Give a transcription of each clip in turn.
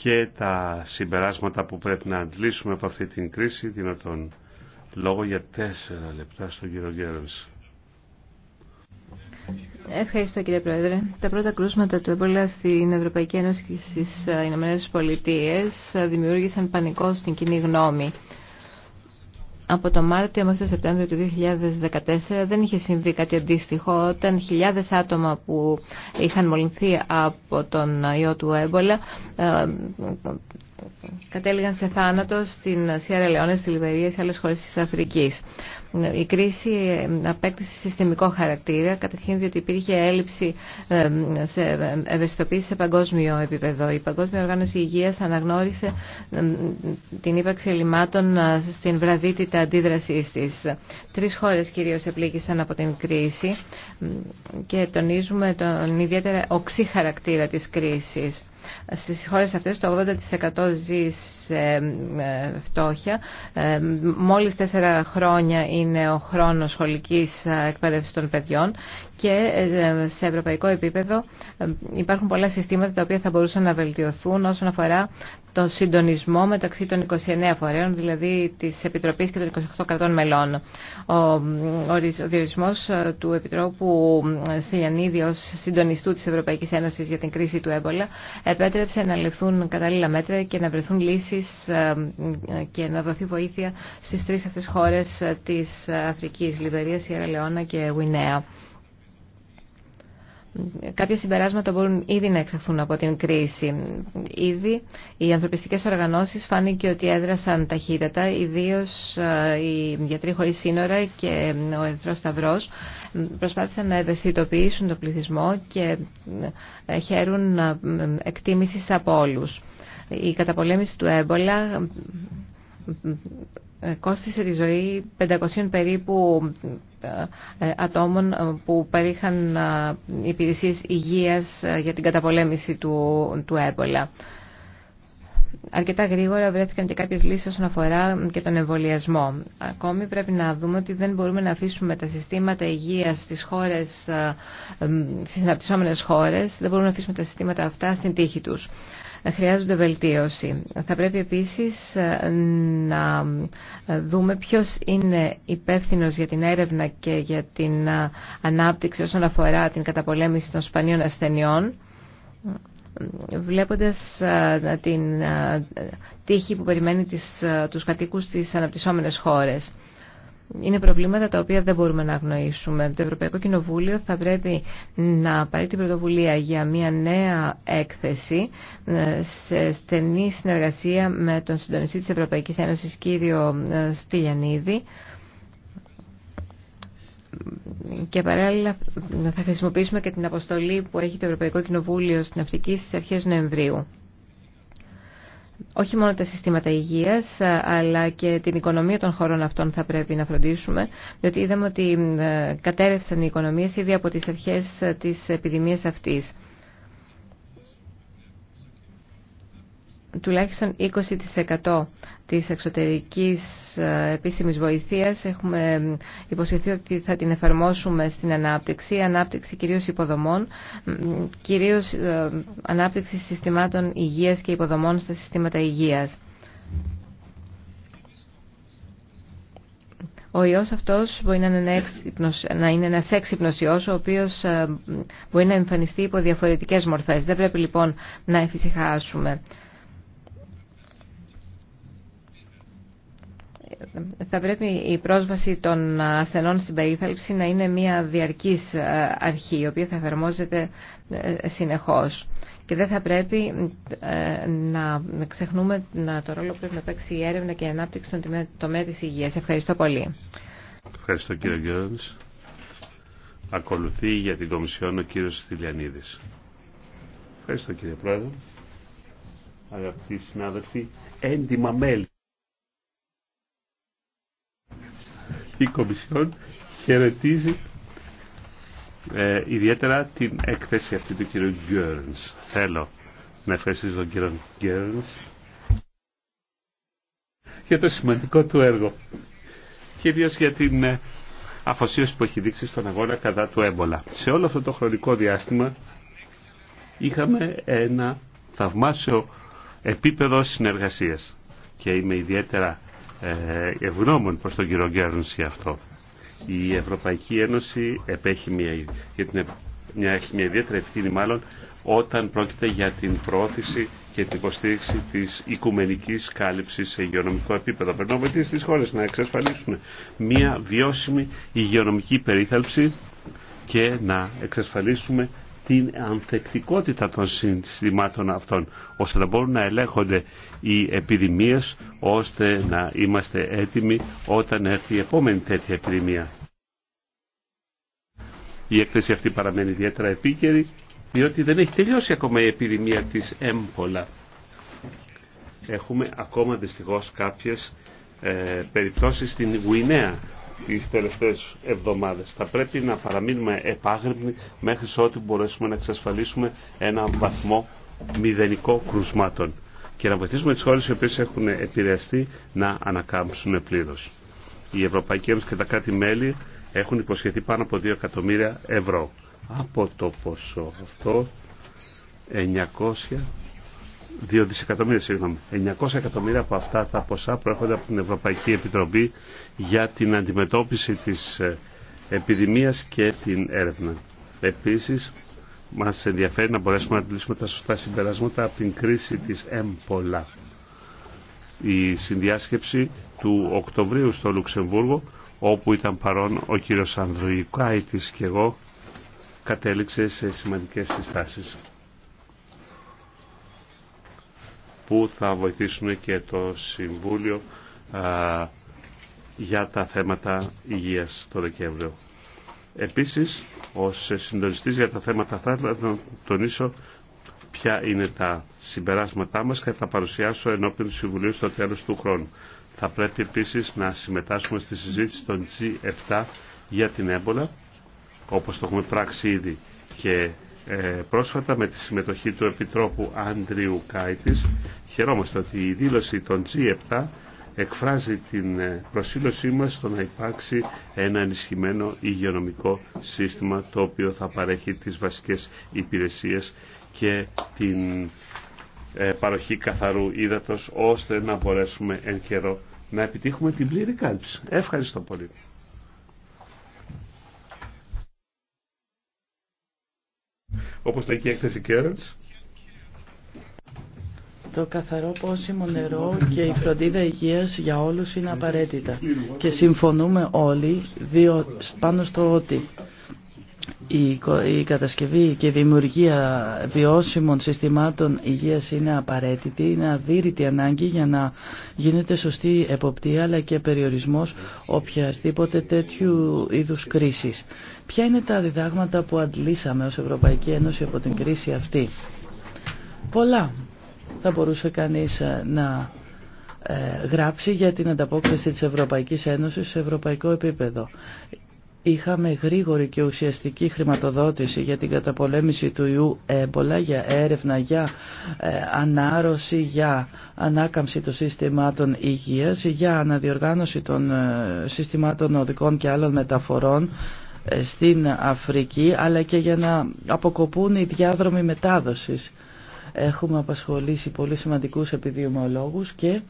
και τα συμπεράσματα που πρέπει να αντλήσουμε από αυτή την κρίση δίνω τον λόγο για τέσσερα λεπτά στον κύριο Γκέρονς. Ευχαριστώ κύριε Πρόεδρε. Τα πρώτα κρούσματα του έμπολα στην Ευρωπαϊκή Ένωση και στις Ηνωμένες Πολιτείες δημιούργησαν πανικό στην κοινή γνώμη. Από το Μάρτιο μέχρι το Σεπτέμβριο του 2014 δεν είχε συμβεί κάτι αντίστοιχο όταν χιλιάδες άτομα που είχαν μολυνθεί από τον ιό του έμπολα ε, κατέληγαν σε θάνατο στην Σιέρα Λεόνε, στη Λιβερία και σε άλλε χώρε τη Αφρική. Η κρίση ε, απέκτησε συστημικό χαρακτήρα, καταρχήν διότι υπήρχε έλλειψη ε, σε ε, ευαισθητοποίηση σε παγκόσμιο επίπεδο. Η Παγκόσμια Οργάνωση Υγεία αναγνώρισε την ύπαρξη ελλημάτων στην βραδύτητα αντίδρασή τη. Τρει χώρε κυρίω επλήγησαν από την κρίση και τονίζουμε τον ιδιαίτερα οξύ χαρακτήρα τη κρίση. Στις χώρες αυτές το 80% ζει σε ε, φτώχεια. Ε, μόλις τέσσερα χρόνια είναι ο χρόνος σχολικής ε, εκπαίδευσης των παιδιών και σε ευρωπαϊκό επίπεδο υπάρχουν πολλά συστήματα τα οποία θα μπορούσαν να βελτιωθούν όσον αφορά τον συντονισμό μεταξύ των 29 φορέων, δηλαδή της Επιτροπής και των 28 κρατών μελών. Ο διορισμός ε, του Επιτρόπου ε, Στυλιανίδη ως συντονιστού της Ευρωπαϊκής Ένωσης για την κρίση του έμπολα επέτρεψε να ληφθούν κατάλληλα μέτρα και να βρεθούν λύσεις ε, και να δοθεί βοήθεια στις τρεις αυτές χώρες της Αφρικής, Λιβερία, Σιέρα Λεώνα και Γουινέα. Κάποια συμπεράσματα μπορούν ήδη να εξαχθούν από την κρίση. Ήδη οι ανθρωπιστικές οργανώσεις φάνηκε ότι έδρασαν ταχύτατα, ιδίως ε, οι γιατροί χωρίς σύνορα και ε, ο Ερθρός Σταυρός προσπάθησαν να ευαισθητοποιήσουν τον πληθυσμό και ε, χαίρουν εκτίμηση από όλου. Η καταπολέμηση του έμπολα κόστησε τη ζωή 500 περίπου ε, ατόμων ε, που παρήχαν ε, υπηρεσίες υγείας για την καταπολέμηση του, του έμπολα. Αρκετά γρήγορα βρέθηκαν και κάποιες λύσεις όσον αφορά και τον εμβολιασμό. Ακόμη πρέπει να δούμε ότι δεν μπορούμε να αφήσουμε τα συστήματα υγείας στις χώρες, στις συναπτυσσόμενες χώρες, δεν μπορούμε να αφήσουμε τα συστήματα αυτά στην τύχη τους χρειάζονται βελτίωση. Θα πρέπει επίσης ε, να δούμε ποιος είναι υπεύθυνος για την έρευνα και για την ε, ανάπτυξη όσον αφορά την καταπολέμηση των σπανίων ασθενειών βλέποντας ε, την τύχη που περιμένει τις, τους κατοίκους στις αναπτυσσόμενες χώρες είναι προβλήματα τα οποία δεν μπορούμε να αγνοήσουμε. Το Ευρωπαϊκό Κοινοβούλιο θα πρέπει να πάρει την πρωτοβουλία για μια νέα έκθεση ε, σε στενή συνεργασία με τον συντονιστή της Ευρωπαϊκής Ένωσης, κύριο ε, Στυλιανίδη, και παράλληλα θα χρησιμοποιήσουμε και την αποστολή που έχει το Ευρωπαϊκό Κοινοβούλιο στην Αφρική στις αρχές Νοεμβρίου όχι μόνο τα συστήματα υγείας ε, αλλά και την οικονομία των χωρών αυτών θα πρέπει να φροντίσουμε διότι είδαμε ότι ε, κατέρευσαν οι οικονομίες ήδη από τις αρχές ε, της επιδημίας αυτής. τουλάχιστον 20% της εξωτερικής ε, επίσημης βοηθείας έχουμε ε, υποσχεθεί ότι θα την εφαρμόσουμε στην ανάπτυξη, ανάπτυξη κυρίως υποδομών, κυρίως ε, ανάπτυξη συστημάτων υγείας και υποδομών στα συστήματα υγείας. Ο ιός αυτός μπορεί να είναι, ένα έξυπνος, να είναι ένας έξυπνος ιός, ο οποίος μπορεί να εμφανιστεί υπό διαφορετικές μορφές. Δεν πρέπει λοιπόν να εφησυχάσουμε. θα πρέπει η πρόσβαση των ασθενών στην περίθαλψη να είναι μια διαρκής ε, αρχή, η οποία θα εφαρμόζεται ε, συνεχώς. Και δεν θα πρέπει ε, να ξεχνούμε να το ρόλο που πρέπει να παίξει η έρευνα και η ανάπτυξη στον τομέα της υγείας. Ευχαριστώ πολύ. Ευχαριστώ κύριε Γιώργης. Ακολουθεί για την Κομισιόν ο κύριος Στυλιανίδης Ευχαριστώ κύριε Πρόεδρε. Αγαπητοί συνάδελφοι, έντιμα μέλη. η Κομισιόν χαιρετίζει ε, ιδιαίτερα την έκθεση αυτή του κύριου Γκέρνς. Θέλω να ευχαριστήσω τον κύριο Γκέρνς για το σημαντικό του έργο και ιδίως για την ε, αφοσίωση που έχει δείξει στον αγώνα κατά του έμπολα. Σε όλο αυτό το χρονικό διάστημα είχαμε ένα θαυμάσιο επίπεδο συνεργασίας και είμαι ιδιαίτερα ε, ευγνώμων προς τον κύριο Γκέρνς για αυτό. Η Ευρωπαϊκή Ένωση επέχει μια, για την, μια, έχει μια ιδιαίτερη ευθύνη μάλλον όταν πρόκειται για την προώθηση και την υποστήριξη της οικουμενικής κάλυψης σε υγειονομικό επίπεδο. Πρέπει να στις χώρες να εξασφαλίσουν μια βιώσιμη υγειονομική περίθαλψη και να εξασφαλίσουμε την ανθεκτικότητα των συστημάτων αυτών, ώστε να μπορούν να ελέγχονται οι επιδημίες, ώστε να είμαστε έτοιμοι όταν έρθει η επόμενη τέτοια επιδημία. Η έκθεση αυτή παραμένει ιδιαίτερα επίκαιρη, διότι δεν έχει τελειώσει ακόμα η επιδημία της έμπολα. Έχουμε ακόμα δυστυχώς κάποιες ε, περιπτώσεις στην Γουινέα τις τελευταίες εβδομάδες. Θα πρέπει να παραμείνουμε επάγρυπνοι μέχρι ό,τι μπορέσουμε να εξασφαλίσουμε ένα βαθμό μηδενικό κρουσμάτων και να βοηθήσουμε τις χώρες οι οποίες έχουν επηρεαστεί να ανακάμψουν πλήρως. Η Ευρωπαϊκή Ένωση και τα κράτη-μέλη έχουν υποσχεθεί πάνω από 2 εκατομμύρια ευρώ. Από το ποσό αυτό 900 2 δισεκατομμύρια, συγγνώμη. 900 εκατομμύρια από αυτά τα ποσά προέρχονται από την Ευρωπαϊκή Επιτροπή για την αντιμετώπιση της ε, επιδημίας και την έρευνα. Επίσης, μας ενδιαφέρει να μπορέσουμε να αντιλήσουμε τα σωστά συμπεράσματα από την κρίση της ΕΜΠΟΛΑ. Η συνδιάσκεψη του Οκτωβρίου στο Λουξεμβούργο, όπου ήταν παρόν ο κύριος Ανδρουϊκάητης και εγώ, κατέληξε σε σημαντικές συστάσεις. που θα βοηθήσουν και το Συμβούλιο για τα θέματα υγείας το Δεκέμβριο. Επίσης, ως συντονιστής για τα θέματα αυτά, θα τονίσω ποια είναι τα συμπεράσματά μας και θα παρουσιάσω ενώπιον του Συμβουλίου στο τέλος του χρόνου. Θα πρέπει επίσης να συμμετάσχουμε στη συζήτηση των G7 για την έμπολα, όπως το έχουμε πράξει ήδη και ε, πρόσφατα με τη συμμετοχή του Επιτρόπου Άντριου Κάιτης. Χαιρόμαστε ότι η δήλωση των G7 εκφράζει την ε, προσήλωσή μας στο να υπάρξει ένα ενισχυμένο υγειονομικό σύστημα το οποίο θα παρέχει τις βασικές υπηρεσίες και την ε, παροχή καθαρού ύδατος ώστε να μπορέσουμε εν καιρό να επιτύχουμε την πλήρη κάλυψη. Ευχαριστώ πολύ. όπως το έχει η έκθεση Το καθαρό πόσιμο νερό και η φροντίδα υγείας για όλους είναι απαραίτητα. Και συμφωνούμε όλοι δύο πάνω στο ότι η κατασκευή και η δημιουργία βιώσιμων συστημάτων υγείας είναι απαραίτητη, είναι αδύρυτη ανάγκη για να γίνεται σωστή εποπτεία αλλά και περιορισμός οποιασδήποτε τέτοιου είδους κρίσης. Ποια είναι τα διδάγματα που αντλήσαμε ως Ευρωπαϊκή Ένωση από την κρίση αυτή. Πολλά θα μπορούσε κανείς ε, να ε, γράψει για την ανταπόκριση της Ευρωπαϊκής Ένωσης σε ευρωπαϊκό επίπεδο είχαμε γρήγορη και ουσιαστική χρηματοδότηση για την καταπολέμηση του ιού έμπολα, για έρευνα, για ε, ανάρρωση, για ανάκαμψη των συστημάτων υγείας, για αναδιοργάνωση των ε, συστημάτων οδικών και άλλων μεταφορών ε, στην Αφρική, αλλά και για να αποκοπούν οι διάδρομοι μετάδοσης. Έχουμε απασχολήσει πολύ σημαντικούς επιδημολόγους και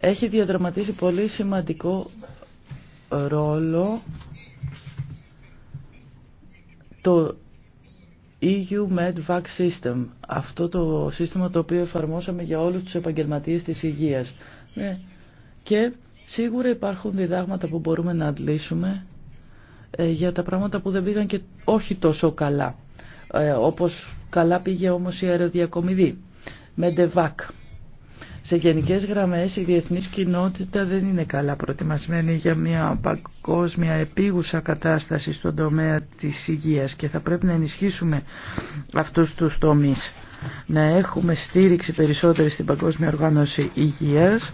έχει διαδραματίσει πολύ σημαντικό ρόλο το EU MedVac System, αυτό το σύστημα το οποίο εφαρμόσαμε για όλους τους επαγγελματίες της υγείας. Ναι. Και σίγουρα υπάρχουν διδάγματα που μπορούμε να αντλήσουμε ε, για τα πράγματα που δεν πήγαν και όχι τόσο καλά, ε, όπως καλά πήγε όμως η αεροδιακομιδή, MedVac. Σε γενικές γραμμές η διεθνής κοινότητα δεν είναι καλά προετοιμασμένη για μια παγκόσμια επίγουσα κατάσταση στον τομέα της υγείας και θα πρέπει να ενισχύσουμε αυτούς τους τομείς. Να έχουμε στήριξη περισσότερη στην Παγκόσμια Οργάνωση Υγείας,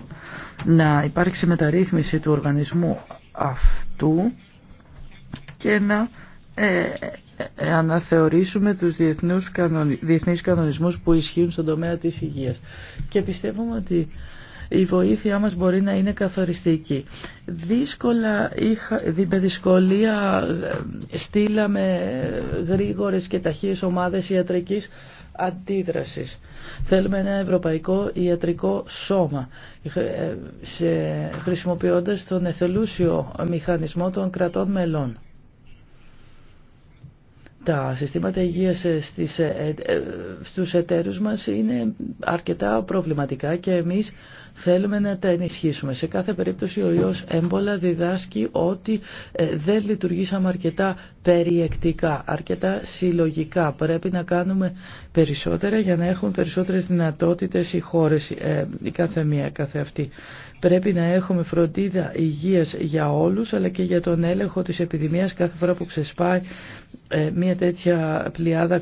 να υπάρξει μεταρρύθμιση του οργανισμού αυτού και να ε, αναθεωρήσουμε τους διεθνούς διεθνείς κανονισμούς που ισχύουν στον τομέα της υγείας. Και πιστεύουμε ότι η βοήθειά μας μπορεί να είναι καθοριστική. Δύσκολα είχα, με δυσκολία ε, στείλαμε γρήγορες και ταχείες ομάδες ιατρικής αντίδρασης. Θέλουμε ένα ευρωπαϊκό ιατρικό σώμα ε, σε, χρησιμοποιώντας τον εθελούσιο μηχανισμό των κρατών μελών τα συστήματα υγείας ε, στις, ε, ε, στους εταίρους μας είναι αρκετά προβληματικά και εμείς Θέλουμε να τα ενισχύσουμε. Σε κάθε περίπτωση ο ιός έμπολα διδάσκει ότι ε, δεν λειτουργήσαμε αρκετά περιεκτικά, αρκετά συλλογικά. Πρέπει να κάνουμε περισσότερα για να έχουν περισσότερες δυνατότητες οι χώρες, ε, η κάθε μία, κάθε αυτή. Πρέπει να έχουμε φροντίδα υγείας για όλους, αλλά και για τον έλεγχο της επιδημίας κάθε φορά που ξεσπάει ε, μια τέτοια πλειάδα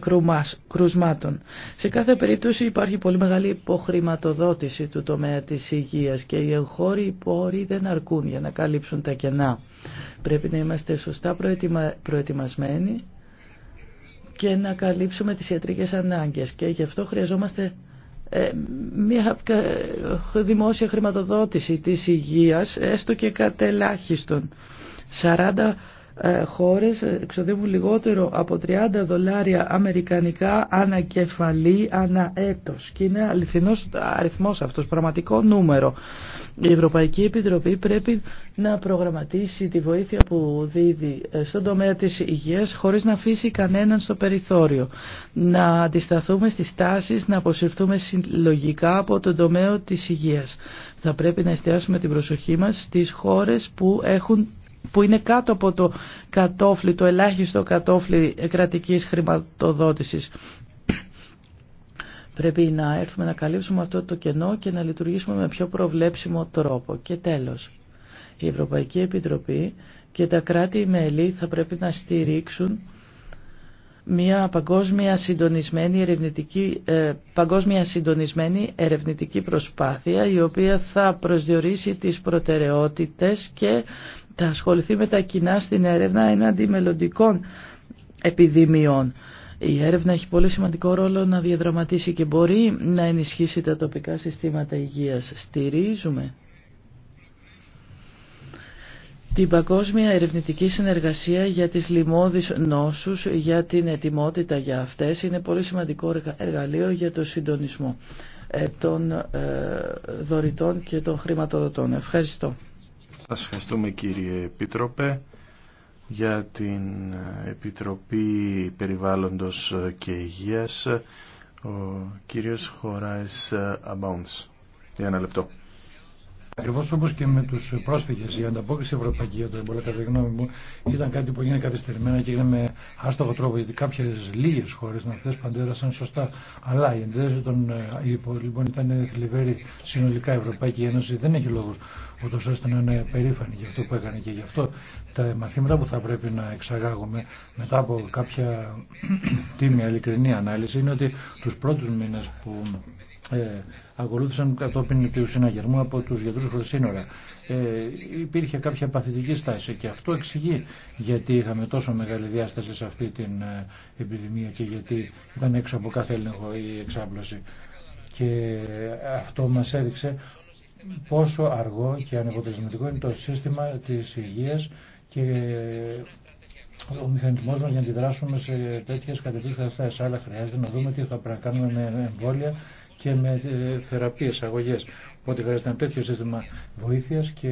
κρουσμάτων. Σε κάθε περίπτωση υπάρχει πολύ μεγάλη υποχρηματοδότηση του τομέα της της και οι εγχώροι πόροι δεν αρκούν για να καλύψουν τα κενά. Πρέπει να είμαστε σωστά προετοιμα... προετοιμασμένοι και να καλύψουμε τις ιατρικές ανάγκες και γι' αυτό χρειαζόμαστε ε, μια δημόσια χρηματοδότηση της υγείας έστω και κατελάχιστον 40 ε, χώρες ε, εξοδεύουν λιγότερο από 30 δολάρια αμερικανικά ανακεφαλή ανά έτος και είναι αληθινός αριθμός αυτός, πραγματικό νούμερο. Η Ευρωπαϊκή Επιτροπή πρέπει να προγραμματίσει τη βοήθεια που δίδει ε, στον τομέα της υγείας χωρίς να αφήσει κανέναν στο περιθώριο. Να αντισταθούμε στις τάσεις, να αποσυρθούμε συλλογικά από τον τομέα της υγείας. Θα πρέπει να εστιάσουμε την προσοχή μας στις χώρες που έχουν που είναι κάτω από το κατόφλι, το ελάχιστο κατόφλι κρατικής χρηματοδότησης. Πρέπει να έρθουμε να καλύψουμε αυτό το κενό και να λειτουργήσουμε με πιο προβλέψιμο τρόπο. Και τέλος, η Ευρωπαϊκή Επιτροπή και τα κράτη-μέλη θα πρέπει να στηρίξουν μια παγκόσμια συντονισμένη ερευνητική, ε, παγκόσμια συντονισμένη ερευνητική προσπάθεια η οποία θα προσδιορίσει τις προτεραιότητες και θα ασχοληθεί με τα κοινά στην έρευνα έναντι μελλοντικών επιδημιών. Η έρευνα έχει πολύ σημαντικό ρόλο να διαδραματίσει και μπορεί να ενισχύσει τα τοπικά συστήματα υγείας. Στηρίζουμε την παγκόσμια ερευνητική συνεργασία για τις λοιμώδεις νόσους, για την ετοιμότητα για αυτές, είναι πολύ σημαντικό εργαλείο για το συντονισμό ε, των ε, δωρητών και των χρηματοδοτών. Ευχαριστώ. Σας ευχαριστούμε κύριε Επίτροπε για την Επιτροπή Περιβάλλοντος και Υγείας ο κύριος Χωράης Αμπάουντς. Για ένα λεπτό. Ακριβώ όπω και με του πρόσφυγε η ανταπόκριση ευρωπαϊκή για το εμπολέ κατά τη γνώμη μου ήταν κάτι που έγινε καθυστερημένα και έγινε με άστοχο τρόπο γιατί κάποιε λίγε χώρε να αυτές παντέρασαν σωστά αλλά η εντέλεση των ε, υπολείπων λοιπόν, ήταν θλιβερή συνολικά η Ευρωπαϊκή Ένωση δεν έχει λόγο ούτω ώστε να είναι περήφανη για αυτό που έκανε και γι' αυτό τα μαθήματα που θα πρέπει να εξαγάγουμε μετά από κάποια τίμια ειλικρινή ανάλυση είναι ότι του πρώτου μήνε που ε, ακολούθησαν κατόπιν του συναγερμού από τους γιατρούς χωρίς σύνορα. Ε, υπήρχε κάποια παθητική στάση και αυτό εξηγεί γιατί είχαμε τόσο μεγάλη διάσταση σε αυτή την ε, επιδημία και γιατί ήταν έξω από κάθε έλεγχο η εξάπλωση. Και αυτό μας έδειξε πόσο αργό και ανεποτελεσματικό είναι το σύστημα της υγείας και ε, ο μηχανισμό μα για να αντιδράσουμε σε τέτοιε κατευθύνσει. Αλλά χρειάζεται να δούμε τι θα πρέπει να κάνουμε με εμβόλια και με ε, θεραπείες, αγωγές. Οπότε χρειάζεται ένα τέτοιο σύστημα βοήθειας και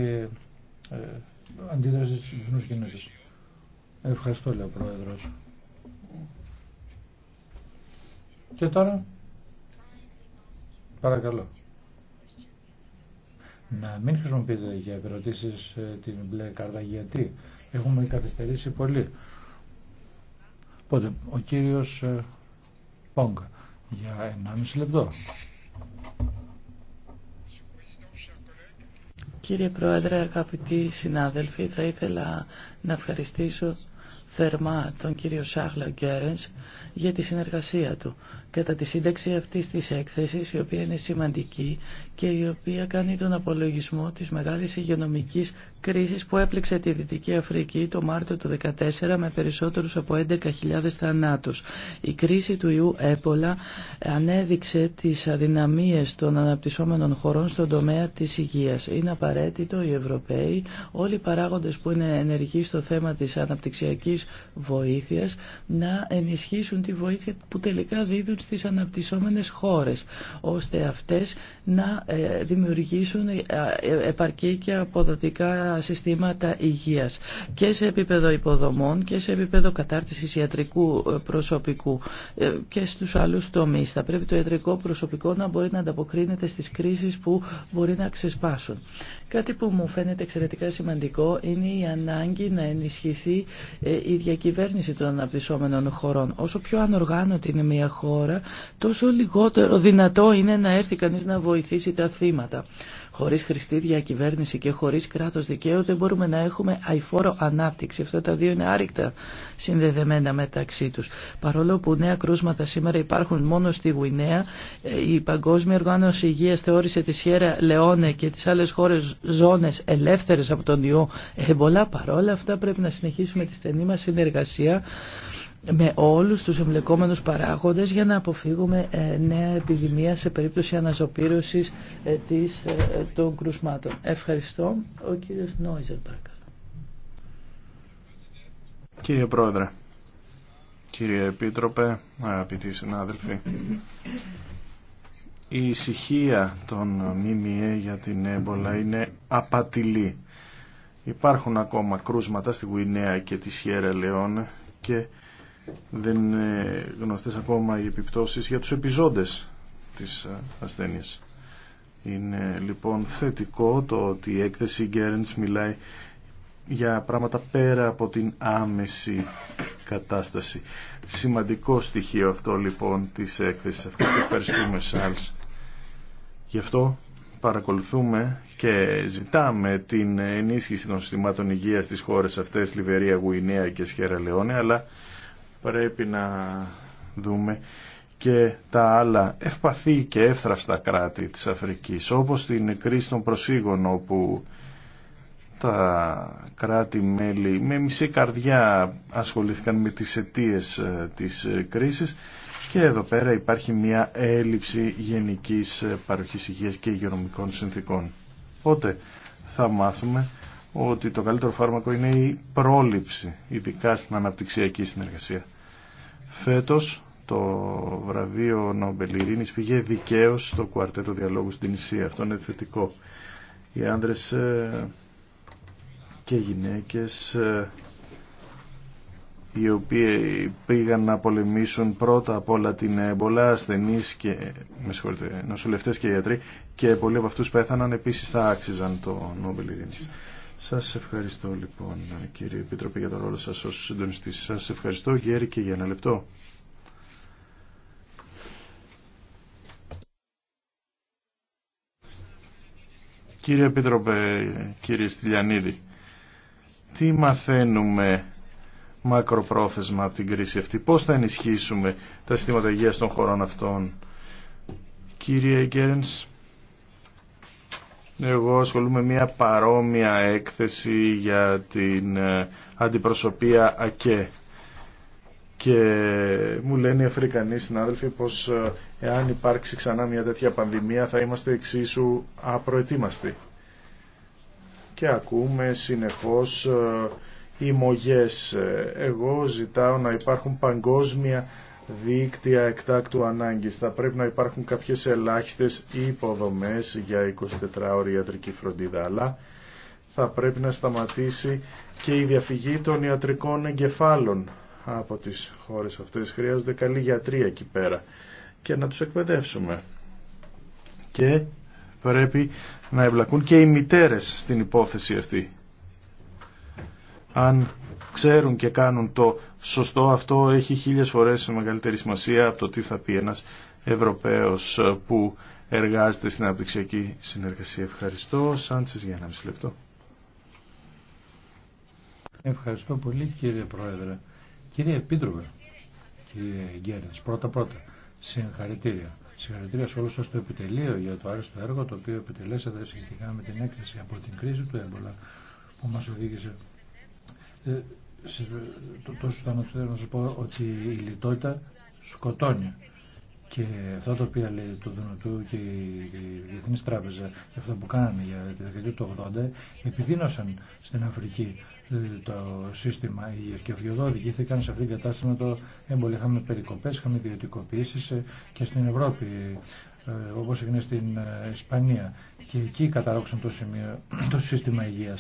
ε, αντίδραση στους κοινούς Ευχαριστώ, λέει ο Πρόεδρος. Και τώρα, παρακαλώ. Να μην χρησιμοποιείτε για ερωτήσει ε, την μπλε κάρτα γιατί έχουμε καθυστερήσει πολύ. Οπότε, ο κύριος Πόγκα για 1,5 λεπτό. Κύριε Πρόεδρε, αγαπητοί συνάδελφοι, θα ήθελα να ευχαριστήσω θερμά τον κύριο Σάχλα Γκέρενς για τη συνεργασία του κατά τη σύνταξη αυτής της έκθεσης η οποία είναι σημαντική και η οποία κάνει τον απολογισμό της μεγάλης υγειονομικής κρίσης που έπληξε τη Δυτική Αφρική το Μάρτιο του 2014 με περισσότερους από 11.000 θανάτους. Η κρίση του ιού έπολα ανέδειξε τις αδυναμίες των αναπτυσσόμενων χωρών στον τομέα της υγείας. Είναι απαραίτητο οι Ευρωπαίοι, όλοι οι παράγοντες που είναι ενεργοί στο θέμα της αναπτυξιακή βοήθειας να ενισχύσουν τη βοήθεια που τελικά δίδουν στις αναπτυσσόμενες χώρες ώστε αυτές να ε, δημιουργήσουν ε, ε, επαρκή και αποδοτικά συστήματα υγείας και σε επίπεδο υποδομών και σε επίπεδο κατάρτισης ιατρικού προσωπικού και στους άλλους τομείς. Θα πρέπει το ιατρικό προσωπικό να μπορεί να ανταποκρίνεται στις κρίσεις που μπορεί να ξεσπάσουν. Κάτι που μου φαίνεται εξαιρετικά σημαντικό είναι η ανάγκη να ενισχυθεί η διακυβέρνηση των αναπτυσσόμενων χωρών. Όσο πιο ανοργάνωτη είναι μια χώρα, τόσο λιγότερο δυνατό είναι να έρθει κανείς να βοηθήσει τα θύματα. Χωρίς χρηστή διακυβέρνηση και χωρίς κράτος δικαίου δεν μπορούμε να έχουμε αηφόρο ανάπτυξη. Αυτά τα δύο είναι άρρηκτα συνδεδεμένα μεταξύ τους. Παρόλο που νέα κρούσματα σήμερα υπάρχουν μόνο στη Γουινέα, ε, η Παγκόσμια Οργάνωση Υγείας θεώρησε τη Σιέρα Λεόνε και τις άλλες χώρες ζώνες ελεύθερες από τον ιό Εμπολά. Παρόλα αυτά πρέπει να συνεχίσουμε τη στενή μας συνεργασία με όλους τους εμπλεκόμενους παράγοντες για να αποφύγουμε ε, νέα επιδημία σε περίπτωση αναζωπήρωσης ε, της, ε, των κρουσμάτων. Ευχαριστώ. Ο κύριος Νόιζερ παρακαλώ. Κύριε Πρόεδρε, κύριε Επίτροπε, αγαπητοί συνάδελφοι, η ησυχία των ΜΜΕ για την έμπολα είναι απατηλή. Υπάρχουν ακόμα κρούσματα στη Γουινέα και τη Σιέρα Λεόν και δεν είναι γνωστές ακόμα οι επιπτώσεις για τους επιζώντες της ε, ασθένειας. Είναι λοιπόν θετικό το ότι η έκθεση Γκέρνς μιλάει για πράγματα πέρα από την άμεση κατάσταση. Σημαντικό στοιχείο αυτό λοιπόν της έκθεσης αυτή Ευχαριστούμε Σάλς. Γι' αυτό παρακολουθούμε και ζητάμε την ενίσχυση των συστημάτων υγείας στις χώρες αυτές, Λιβερία, Γουινέα και Σχέρα Λεόνε, αλλά πρέπει να δούμε και τα άλλα ευπαθή και εύθραυστα κράτη της Αφρικής, όπως την κρίση των προσφύγων, όπου τα κράτη-μέλη με μισή καρδιά ασχολήθηκαν με τις αιτίε ε, της ε, κρίσης και εδώ πέρα υπάρχει μια έλλειψη γενικής ε, παροχής υγείας και υγειονομικών συνθήκων. Οπότε θα μάθουμε ότι το καλύτερο φάρμακο είναι η πρόληψη, ειδικά στην αναπτυξιακή συνεργασία. Φέτος το βραβείο Νόμπελ Ειρήνης πήγε δικαίως στο κουαρτέτο διαλόγου στην Ισία. Αυτό είναι θετικό. Οι άνδρες ε, και γυναίκες ε, οι οποίοι πήγαν να πολεμήσουν πρώτα απ' όλα την εμπολά ασθενείς και με νοσηλευτές και γιατροί και πολλοί από αυτούς πέθαναν επίσης θα άξιζαν το Νόμπελ Ειρήνης. Σας ευχαριστώ λοιπόν κύριε Επιτροπή για τον ρόλο σας ως συντονιστής. Σας ευχαριστώ Γέρη και για ένα λεπτό. Κύριε Επίτροπε, κύριε Στυλιανίδη, τι μαθαίνουμε μακροπρόθεσμα από την κρίση αυτή, πώς θα ενισχύσουμε τα συστήματα υγείας των χωρών αυτών. Κύριε Γκέρνς, εγώ ασχολούμαι μια παρόμοια έκθεση για την ε, αντιπροσωπεία ΑΚΕ και μου λένε οι Αφρικανοί συνάδελφοι πως ε, εάν υπάρξει ξανά μια τέτοια πανδημία θα είμαστε εξίσου απροετοίμαστοι. Και ακούμε συνεχώς ε, ημωγές. Εγώ ζητάω να υπάρχουν παγκόσμια δίκτυα εκτάκτου ανάγκης. Θα πρέπει να υπάρχουν κάποιες ελάχιστες υποδομές για 24 ώρη ιατρική φροντίδα, αλλά θα πρέπει να σταματήσει και η διαφυγή των ιατρικών εγκεφάλων από τις χώρες αυτές. Χρειάζονται καλοί γιατροί εκεί πέρα και να τους εκπαιδεύσουμε. Και πρέπει να εμπλακούν και οι μητέρες στην υπόθεση αυτή αν ξέρουν και κάνουν το σωστό αυτό έχει χίλιες φορές μεγαλύτερη σημασία από το τι θα πει ένας Ευρωπαίος ε, που εργάζεται στην αναπτυξιακή συνεργασία. Ευχαριστώ. Σάντσες για ένα μισή λεπτό. Ευχαριστώ πολύ κύριε Πρόεδρε. Κύριε Επίτροπε, κύριε Γκέρνης, πρώτα πρώτα, συγχαρητήρια. Συγχαρητήρια σε όλους σας το επιτελείο για το άριστο έργο το οποίο επιτελέσατε σχετικά με την έκθεση από την κρίση του έμπολα που μας οδήγησε ε, τόσο θα να σας πω ότι η λιτότητα σκοτώνει και αυτό το οποία λέει το ΔΝΤ και η Διεθνή Τράπεζα και αυτό που κάνανε για τη δεκαετία του 80 επιδίνωσαν στην Αφρική ε, το σύστημα υγεία και οδηγήθηκαν σε αυτήν την κατάσταση με το έμπολο. Είχαμε περικοπές, είχαμε ιδιωτικοποιήσει ε, και στην Ευρώπη όπως έγινε στην Ισπανία και εκεί καταρρόξαν το, το σύστημα υγεία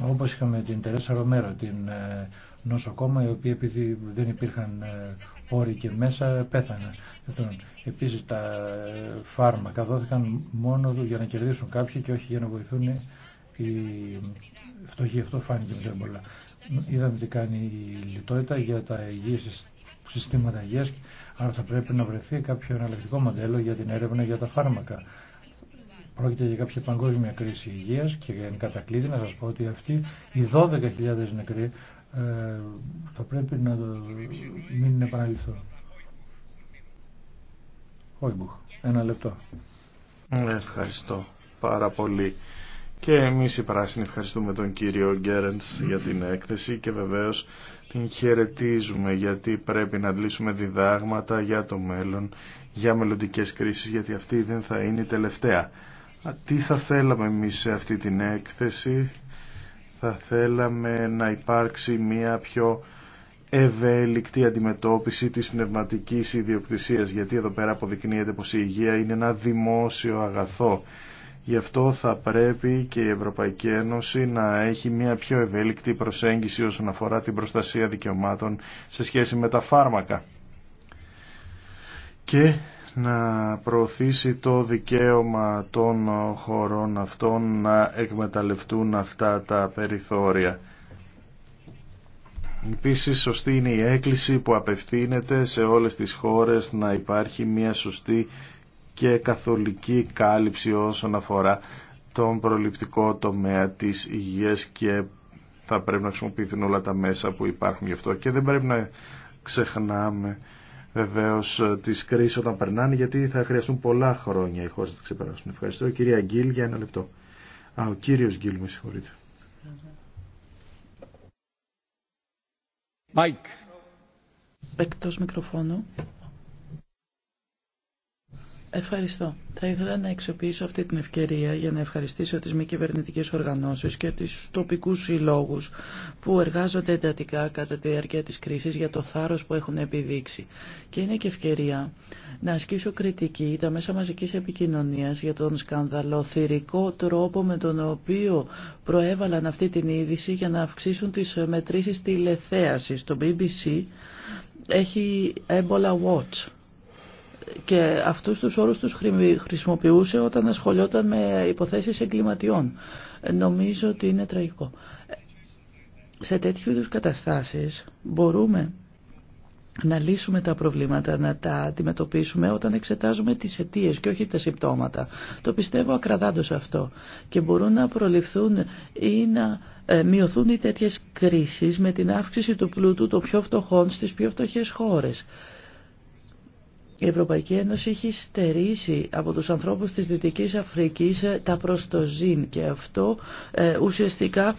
όπως είχαμε την Τερέσα Ρομέρο, την ε, νοσοκόμα, η οποία επειδή δεν υπήρχαν ε, όροι και μέσα, πέθανε. Επίσης τα ε, φάρμακα δόθηκαν μόνο για να κερδίσουν κάποιοι και όχι για να βοηθούν οι φτωχοί. Αυτό φάνηκε πιο πολλά. Είδαμε τι κάνει η λιτότητα για τα υγεία συστήματα υγείας, άρα θα πρέπει να βρεθεί κάποιο εναλλακτικό μοντέλο για την έρευνα για τα φάρμακα. Πρόκειται για κάποια παγκόσμια κρίση υγεία και για κατακλείδη να σα πω ότι αυτοί οι 12.000 νεκροί ε, θα πρέπει να το, μην επαναληφθούν. Χόιμπουχ, ένα λεπτό. Ευχαριστώ πάρα πολύ. Και εμείς οι πράσινοι ευχαριστούμε τον κύριο Γκέρεντς για την έκθεση και βεβαίως την χαιρετίζουμε γιατί πρέπει να λύσουμε διδάγματα για το μέλλον, για μελλοντικές κρίσεις γιατί αυτή δεν θα είναι η τελευταία. Τι θα θέλαμε εμείς σε αυτή την έκθεση. Θα θέλαμε να υπάρξει μια πιο ευέλικτη αντιμετώπιση της πνευματικής ιδιοκτησίας γιατί εδώ πέρα αποδεικνύεται πως η υγεία είναι ένα δημόσιο αγαθό. Γι' αυτό θα πρέπει και η Ευρωπαϊκή Ένωση να έχει μια πιο ευέλικτη προσέγγιση όσον αφορά την προστασία δικαιωμάτων σε σχέση με τα φάρμακα. Και να προωθήσει το δικαίωμα των χωρών αυτών να εκμεταλλευτούν αυτά τα περιθώρια. Επίσης σωστή είναι η έκκληση που απευθύνεται σε όλες τις χώρες να υπάρχει μια σωστή και καθολική κάλυψη όσον αφορά τον προληπτικό τομέα της υγείας και θα πρέπει να χρησιμοποιηθούν όλα τα μέσα που υπάρχουν γι' αυτό και δεν πρέπει να ξεχνάμε βεβαίως ε, της κρίσης όταν περνάνε γιατί θα χρειαστούν πολλά χρόνια οι χώρες να τα ξεπεράσουν. Ευχαριστώ. Κυρία Γκίλ για ένα λεπτό. Α, ο κύριος Γκίλ με συγχωρείτε. Μάικ. Εκτός μικροφώνου. Ευχαριστώ. Θα ήθελα να εξοπλίσω αυτή την ευκαιρία για να ευχαριστήσω τις μη κυβερνητικέ οργανώσεις και τις τοπικούς συλλόγους που εργάζονται εντατικά κατά τη διάρκεια της κρίσης για το θάρρος που έχουν επιδείξει. Και είναι και ευκαιρία να ασκήσω κριτική τα μέσα μαζικής επικοινωνίας για τον σκανδαλοθυρικό τρόπο με τον οποίο προέβαλαν αυτή την είδηση για να αυξήσουν τις μετρήσεις τηλεθέασης. Το BBC έχει Ebola Watch και αυτούς τους όρους τους χρησιμοποιούσε όταν ασχολιόταν με υποθέσεις εγκληματιών. Νομίζω ότι είναι τραγικό. Σε τέτοιου είδους καταστάσεις μπορούμε να λύσουμε τα προβλήματα, να τα αντιμετωπίσουμε όταν εξετάζουμε τις αιτίες και όχι τα συμπτώματα. Το πιστεύω ακραδάντως αυτό και μπορούν να προληφθούν ή να ε, μειωθούν οι τέτοιες κρίσεις με την αύξηση του πλούτου των πιο φτωχών στις πιο φτωχές χώρες. Η Ευρωπαϊκή Ένωση έχει στερήσει από τους ανθρώπους της Δυτικής Αφρικής ε, τα προστοζήν και αυτό ε, ουσιαστικά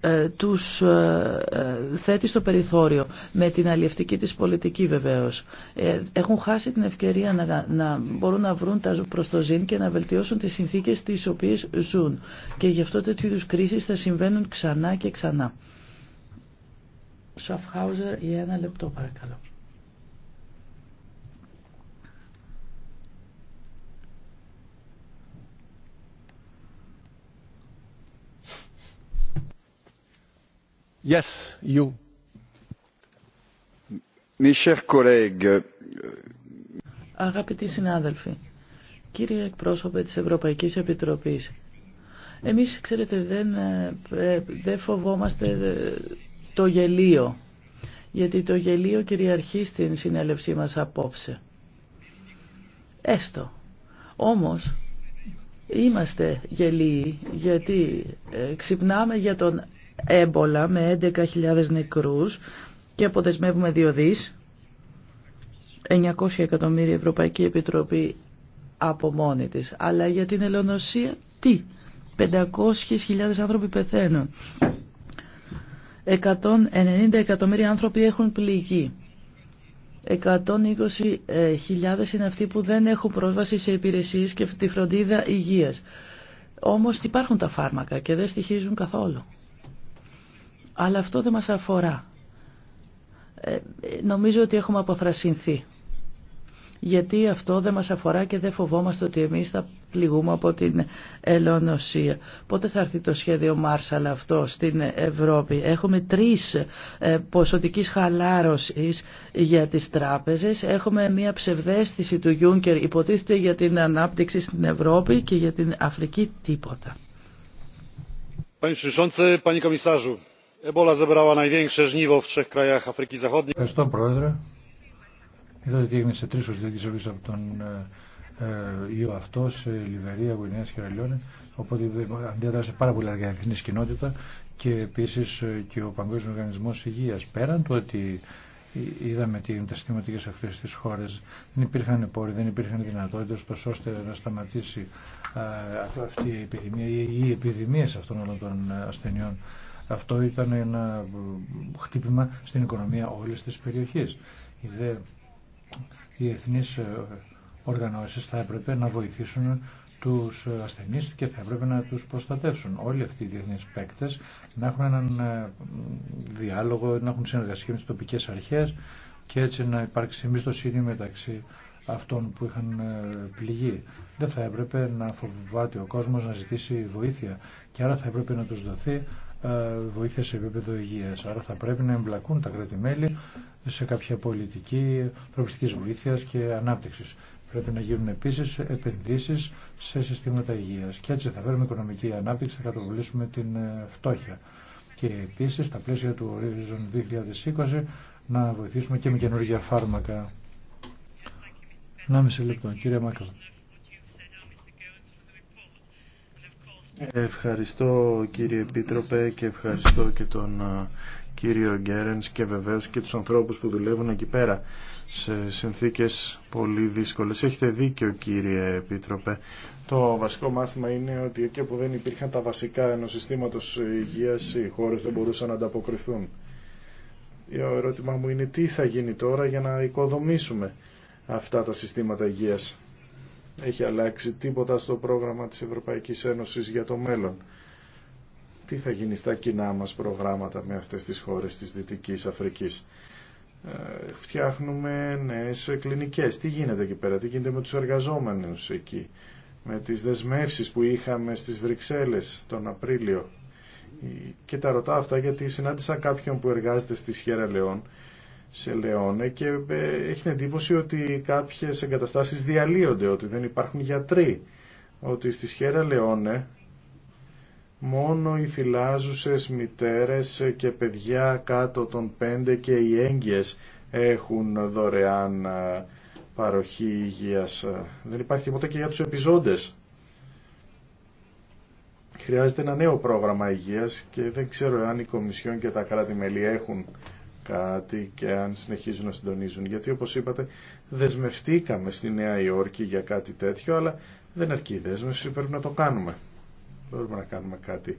ε, τους θέτει στο περιθώριο με την αλλιευτική της πολιτική βεβαίως. Έχουν χάσει την ευκαιρία να, να μπορούν να βρουν τα προστοζήν και να βελτιώσουν τις συνθήκες τις οποίες ζουν. Και γι' αυτό τέτοιου είδους κρίσεις θα συμβαίνουν ξανά και ξανά. Σαφχάουζερ για ένα λεπτό παρακαλώ. Mes chers collègues. Euh, Αγαπητοί συνάδελφοι, κύριε εκπρόσωπε της Ευρωπαϊκής Επιτροπής, εμείς, ξέρετε, δεν, ε, δεν φοβόμαστε ε, το γελίο, γιατί το γελίο κυριαρχεί στην συνέλευσή μας απόψε. Έστω. Όμως, είμαστε γελίοι, γιατί ε, ξυπνάμε για τον έμπολα με 11.000 νεκρούς και αποδεσμεύουμε δυο δις, 900 εκατομμύρια Ευρωπαϊκή Επιτροπή από μόνη της. Αλλά για την ελονοσία τι, 500.000 άνθρωποι πεθαίνουν. 190 εκατομμύρια άνθρωποι έχουν πληγεί. 120.000 είναι αυτοί που δεν έχουν πρόσβαση σε υπηρεσίες και τη φροντίδα υγείας. Όμως υπάρχουν τα φάρμακα και δεν στοιχίζουν καθόλου αλλά αυτό δεν μας αφορά. Ε, νομίζω ότι έχουμε αποθρασυνθεί. Γιατί αυτό δεν μας αφορά και δεν φοβόμαστε ότι εμείς θα πληγούμε από την ελαιονοσία. Πότε θα έρθει το σχέδιο Μάρσαλ αυτό στην Ευρώπη. Έχουμε τρεις ε, ποσοτικής χαλάρωσης για τις τράπεζες. Έχουμε μια ψευδέστηση του Γιούνκερ υποτίθεται για την ανάπτυξη στην Ευρώπη και για την Αφρική τίποτα. Πανε Ebola zebrała największe żniwo w trzech krajach Afryki Zachodniej. Ευχαριστώ, Πρόεδρε. Είδατε τι έγινε σε τρει ορθιδικέ από τον ε, ε, ιό αυτό σε Λιβερία, Γουινέα και Ρελιώνη. Οπότε αντέδρασε πάρα πολύ αργά η κοινότητα και επίση ε, και ο Παγκόσμιο Οργανισμό Υγεία. Πέραν του ότι είδαμε τι τα συστηματικές αυτέ τι χώρε δεν υπήρχαν πόροι, δεν υπήρχαν δυνατότητε, ώστε να σταματήσει ε, αυτή η επιδημία ή οι επιδημίε αυτών όλων των ασθενειών αυτό ήταν ένα χτύπημα στην οικονομία όλης της περιοχής. Οι, δε, οι ε, οργανώσεις θα έπρεπε να βοηθήσουν τους ασθενείς και θα έπρεπε να τους προστατεύσουν. Όλοι αυτοί οι διεθνείς παίκτες να έχουν έναν ε, διάλογο, να έχουν συνεργασία με τις τοπικές αρχές και έτσι να υπάρξει εμπιστοσύνη μεταξύ αυτών που είχαν ε, πληγεί. Δεν θα έπρεπε να φοβάται ο κόσμος να ζητήσει βοήθεια και άρα θα έπρεπε να τους δοθεί ε, βοήθεια σε επίπεδο υγεία. Άρα θα πρέπει να εμπλακούν τα κράτη-μέλη σε κάποια πολιτική προπιστικής βοήθειας και ανάπτυξης. Πρέπει να γίνουν επίση επενδύσει σε συστήματα υγεία. και έτσι θα φέρουμε οικονομική ανάπτυξη, θα καταβολήσουμε την ε, φτώχεια. Και επίση, στα πλαίσια του Horizon 2020 να βοηθήσουμε και με καινούργια φάρμακα. Να μισή λεπτό, κύριε Μάκρο. Ευχαριστώ κύριε Επίτροπε και ευχαριστώ και τον κύριο Γκέρενς και βεβαίως και τους ανθρώπους που δουλεύουν εκεί πέρα σε συνθήκες πολύ δύσκολες. Έχετε δίκιο κύριε Επίτροπε. Το βασικό μάθημα είναι ότι εκεί που δεν υπήρχαν τα βασικά ενός συστήματος υγείας οι χώρες δεν μπορούσαν να ανταποκριθούν. Το ερώτημα μου είναι τι θα γίνει τώρα για να οικοδομήσουμε αυτά τα συστήματα υγείας έχει αλλάξει τίποτα στο πρόγραμμα της Ευρωπαϊκής Ένωσης για το μέλλον. Τι θα γίνει στα κοινά μας προγράμματα με αυτές τις χώρες της Δυτικής Αφρικής. Ε, φτιάχνουμε νέες κλινικές. Τι γίνεται εκεί πέρα, τι γίνεται με τους εργαζόμενους εκεί. Με τις δεσμεύσεις που είχαμε στις Βρυξέλλες τον Απρίλιο. Ε, και τα ρωτάω αυτά γιατί συνάντησα κάποιον που εργάζεται στη Σιέρα Λεόν σε Λεόνε και ε, έχει την εντύπωση ότι κάποιες εγκαταστάσεις διαλύονται, ότι δεν υπάρχουν γιατροί, ότι στη Σχέρα Λεόνε μόνο οι θυλάζουσες μητέρες και παιδιά κάτω των πέντε και οι έγκυες έχουν δωρεάν ε, παροχή υγείας. Ε, δεν υπάρχει τίποτα και για τους επιζώντες. Χρειάζεται ένα νέο πρόγραμμα υγείας και δεν ξέρω αν οι Κομισιόν και τα κράτη-μέλη έχουν κάτι και αν συνεχίζουν να συντονίζουν. Γιατί όπως είπατε δεσμευτήκαμε στη Νέα Υόρκη για κάτι τέτοιο, αλλά δεν αρκεί η δέσμευση, πρέπει να το κάνουμε. Μπορούμε να κάνουμε κάτι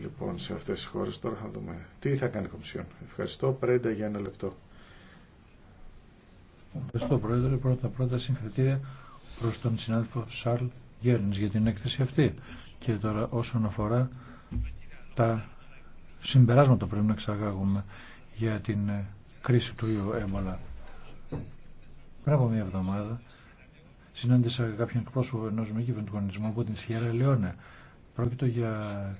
λοιπόν σε αυτές τις χώρες. Τώρα θα δούμε τι θα κάνει η Κομισιόν. Ευχαριστώ. Πρέντα για ένα λεπτό. Ευχαριστώ Πρόεδρε. Πρώτα πρώτα συγχαρητήρια προς τον συνάδελφο Σαρλ Γέρνη για την έκθεση αυτή. Και τώρα όσον αφορά τα συμπεράσματα πρέπει να εξαγάγουμε για την ε, κρίση του ιού έμπολα. Πριν από μια εβδομάδα συνάντησα κάποιον εκπρόσωπο ενό μη κυβερνητικού από την Σιέρα Λεόνε. Πρόκειται για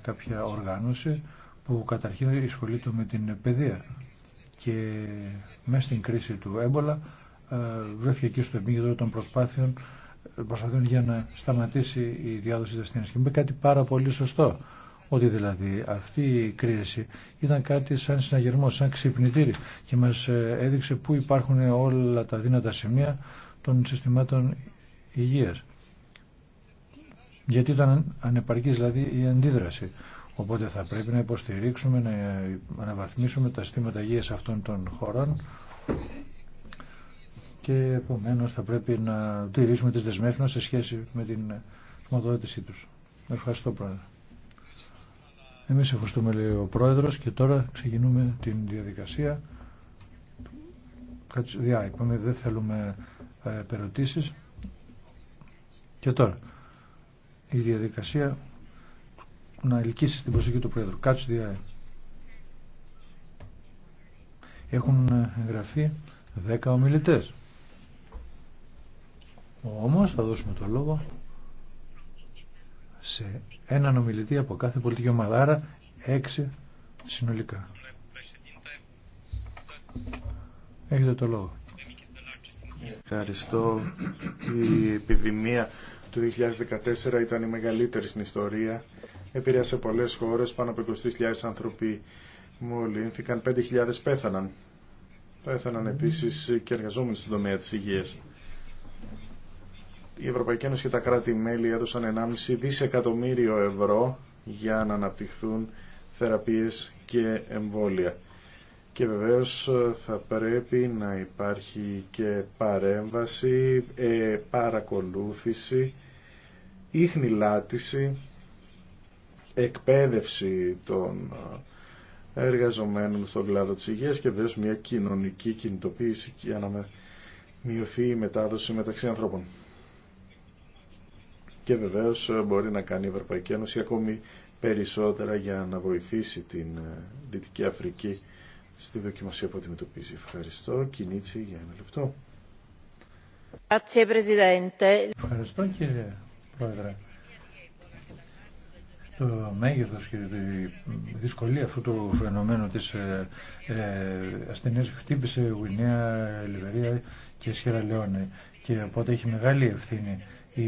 κάποια οργάνωση που καταρχήν ασχολείται με την παιδεία και μέσα στην κρίση του έμπολα ε, βρέθηκε εκεί στο επίκεντρο των προσπάθειων, ε, προσπάθειων για να σταματήσει η διάδοση της ασθένεια. Και είπε κάτι πάρα πολύ σωστό ότι δηλαδή αυτή η κρίση ήταν κάτι σαν συναγερμό, σαν ξυπνητήρι και μας ε, έδειξε πού υπάρχουν όλα τα δύνατα σημεία των συστημάτων υγείας. Γιατί ήταν ανεπαρκής δηλαδή η αντίδραση. Οπότε θα πρέπει να υποστηρίξουμε, να αναβαθμίσουμε τα στήματα υγείας αυτών των χωρών και επομένως θα πρέπει να τηρήσουμε τις δεσμεύσεις σε σχέση με την χρηματοδότησή τους. Ευχαριστώ πρόεδρε. Εμείς ευχαριστούμε λέει ο Πρόεδρος και τώρα ξεκινούμε την διαδικασία. Διά, δεν θέλουμε ε, Και τώρα, η διαδικασία να ελκύσει στην προσοχή του Πρόεδρου. Κάτσε διά. Έχουν ε, εγγραφεί 10 ομιλητές. Όμως θα δώσουμε το λόγο σε έναν ομιλητή από κάθε πολιτική ομάδα, άρα έξι συνολικά. Έχετε το λόγο. Ευχαριστώ. Η επιδημία του 2014 ήταν η μεγαλύτερη στην ιστορία. Επηρέασε πολλές χώρες, πάνω από 20.000 άνθρωποι μολύνθηκαν, 5.000 πέθαναν. Πέθαναν επίσης και εργαζόμενοι στον τομέα της υγείας η Ευρωπαϊκή Ένωση και τα κράτη-μέλη έδωσαν 1,5 δισεκατομμύριο ευρώ για να αναπτυχθούν θεραπείες και εμβόλια. Και βεβαίως ε, θα πρέπει να υπάρχει και παρέμβαση, ε, παρακολούθηση, ίχνη λάτηση, εκπαίδευση των ε, εργαζομένων στον κλάδο της υγείας και βεβαίως μια κοινωνική κινητοποίηση για να μειωθεί η μετάδοση μεταξύ ανθρώπων και βεβαίως ε, μπορεί να κάνει η Ευρωπαϊκή Ένωση ακόμη περισσότερα για να βοηθήσει την ε, Δυτική Αφρική στη δοκιμασία που αντιμετωπίζει. Ευχαριστώ. Κινίτσι για ένα λεπτό. Ευχαριστώ κύριε Πρόεδρε. Το μέγεθος και η δυσκολία αυτού του φαινομένου της ε, ασθενή χτύπησε Γουινέα, Λιβερία και Σιέρα και οπότε έχει μεγάλη ευθύνη η